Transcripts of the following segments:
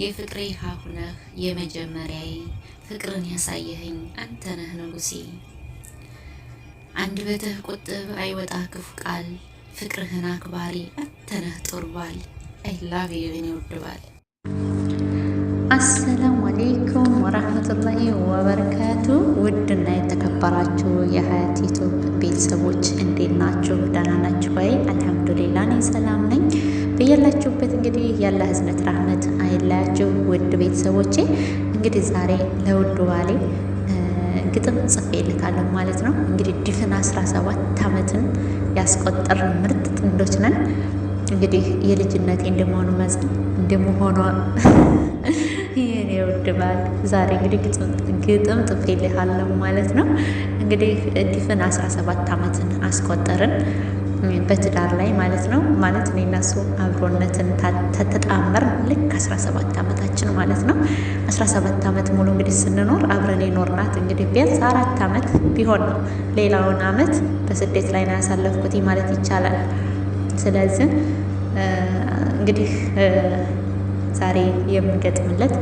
የፍቅሬ ሀሁነህ የመጀመሪያዬ ፍቅርን ያሳየኸኝ አንተ ነህ ንጉሴ። አንድ በትህ ቁጥብ አይወጣ ክፉ ቃል ፍቅርህን አክባሪ አንተ ነህ ጦር ባል አይላቭ የኔ ውድ ባል። አሰላሙ አሌይኩም ወራህመቱላሂ ወበረካቱ። ውድና የተከበራችሁ የሀያት ኢትዮጵያ ቤተሰቦች እንዴት ናችሁ? ደህና ናችሁ ወይ? አልሐምዱሊላ ነኝ ሰላም በያላችሁበት እንግዲህ ያለ ህዝነት ራህመት አይለያችሁ ውድ ቤተሰቦቼ። እንግዲህ ዛሬ ለውድ ባሌ ግጥም ጽፌልታለሁ ማለት ነው። እንግዲህ ድፍን አስራ ሰባት ዓመትን ያስቆጠር ምርጥ ጥንዶች ነን። እንግዲህ የልጅነቴ እንደመሆኑ መጠን እንደመሆኗ ይህን የውድ ባል ዛሬ እንግዲህ ግጥም ጽፌልሃለሁ ማለት ነው። እንግዲህ ድፍን አስራ ሰባት ዓመትን አስቆጠርን በትዳር ላይ ማለት ነው። ማለት እኔ እና እሱ አብሮነትን ተተጣመር ልክ 17 ዓመታችን ማለት ነው። 17 ዓመት ሙሉ እንግዲህ ስንኖር አብረን የኖርናት እንግዲህ ቢያንስ አራት ዓመት ቢሆን ነው። ሌላውን ዓመት በስደት ላይ ነው ያሳለፍኩት ማለት ይቻላል። ስለዚህ እንግዲህ ዛሬ የምንገጥምለት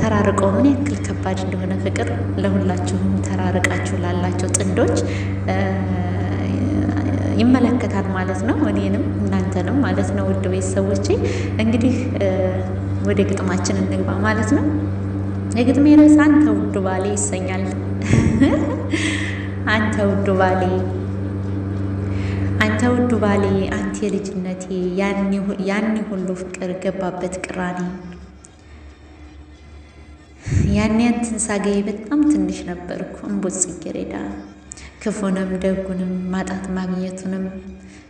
ተራርቆ ምን ያክል ከባድ እንደሆነ ፍቅር ለሁላችሁም ተራርቃችሁ ላላቸው ጥንዶች ይመለከታል ማለት ነው። እኔንም እናንተንም ማለት ነው። ውድ ቤተሰቦቼ እንግዲህ ወደ ግጥማችን እንግባ ማለት ነው። የግጥሜ ርዕስ አንተ ውዱ ባሌ ይሰኛል። አንተ ውዱ ባሌ አንተ ውዱ ባሌ አንተ የልጅነቴ ያኔ ሁሉ ፍቅር ገባበት ቅራኔ ያኔ አንተን ሳገኝ በጣም ትንሽ ነበርኩ እምቦጭ ጽጌረዳ ክፉንም ደጉንም ማጣት ማግኘቱንም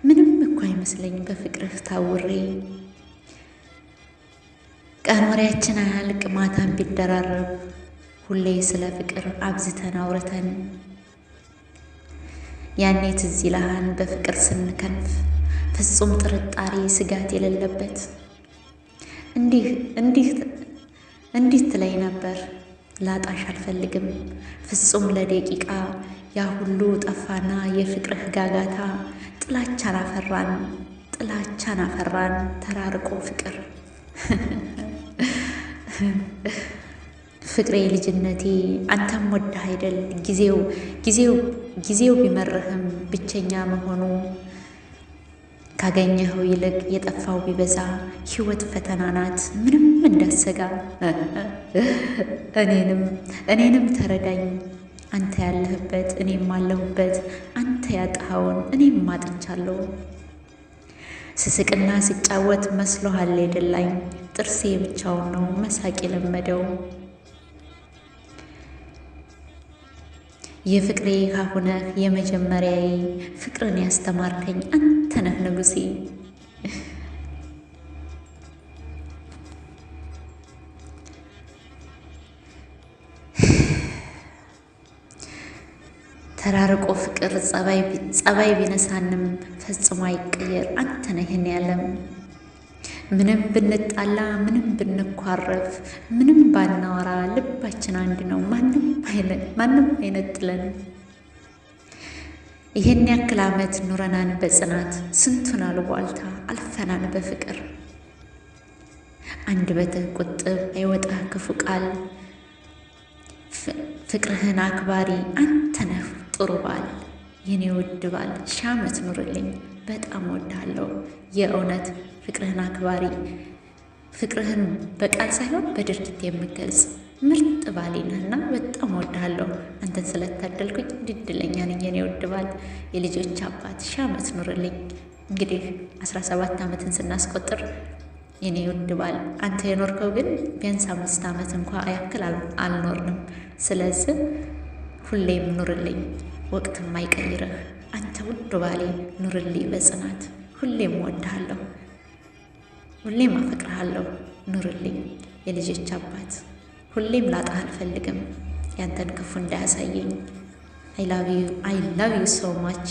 ምንም እኮ አይመስለኝም በፍቅርህ ታውሬ። ቀን ወሬያችን አያልቅ ማታን ቢደራረብ ሁሌ ስለ ፍቅር አብዝተን አውርተን ያኔ ትዝ ይልሃል በፍቅር ስንከንፍ ፍጹም ጥርጣሬ ስጋት የሌለበት እንዲህ ትለይ ነበር ላጣሽ አልፈልግም ፍጹም ለደቂቃ ያ ሁሉ ጠፋና የፍቅርህ ጋጋታ ጥላቻን አፈራን ጥላቻን አፈራን ተራርቆ ፍቅር ፍቅሬ ልጅነቴ አንተም ወዳህ አይደል ጊዜው ጊዜው ጊዜው ቢመርህም ብቸኛ መሆኑ ካገኘኸው ይልቅ የጠፋው ቢበዛ ህይወት ፈተና ናት ምንም እንዳሰጋ እኔንም እኔንም ተረዳኝ አንተ ያለህበት እኔም አለሁበት፣ አንተ ያጣኸውን እኔም አጥንቻለሁ። ስስቅና ስጫወት መስሎሃል የደላኝ፣ ጥርሴ ብቻውን ነው መሳቅ የለመደው። የፍቅሬ ካሁነ የመጀመሪያዬ፣ ፍቅርን ያስተማርከኝ አንተ ነህ ንጉሴ። ተራርቆ ፍቅር ጸባይ ቢነሳንም ፈጽሞ አይቀየር። አንተ ነህ ይህን ያለም ምንም ብንጣላ ምንም ብንኳረፍ ምንም ባናወራ ልባችን አንድ ነው። ማንም አይነጥለን። ይህን ያክል ዓመት ኑረናን በጽናት ስንቱን አልቧልታ አልፈናን በፍቅር አንድ በትህ ቁጥብ አይወጣ ክፉ ቃል ፍቅርህን አክባሪ ጥሩ ባል፣ የኔ ውድ ባል ሺህ ዓመት ኑርልኝ። በጣም ወዳለው የእውነት ፍቅርህን አክባሪ፣ ፍቅርህን በቃል ሳይሆን በድርጊት የምገልጽ ምርጥ ባሌ ነህና በጣም ወዳለሁ አንተን ስለታደልኩኝ ድድለኛ ነኝ የኔ ውድ ባል፣ የልጆች አባት ሺህ ዓመት ኑርልኝ። እንግዲህ 17 ዓመትን ስናስቆጥር የኔ ውድ ባል አንተ የኖርከው ግን ቢያንስ አምስት ዓመት እንኳ ያክል አልኖርንም። ስለዚህ ሁሌም ኑርልኝ ወቅትም አይቀይርህ አንተ ውድ ባሌ ኑርልኝ በጽናት ሁሌም ወድሃለሁ ሁሌም አፈቅርሃለሁ ኑርልኝ የልጆች አባት ሁሌም ላጣህ አልፈልግም ያንተን ክፉ እንዳያሳየኝ አይ ላቭ ዩ ሶ ማች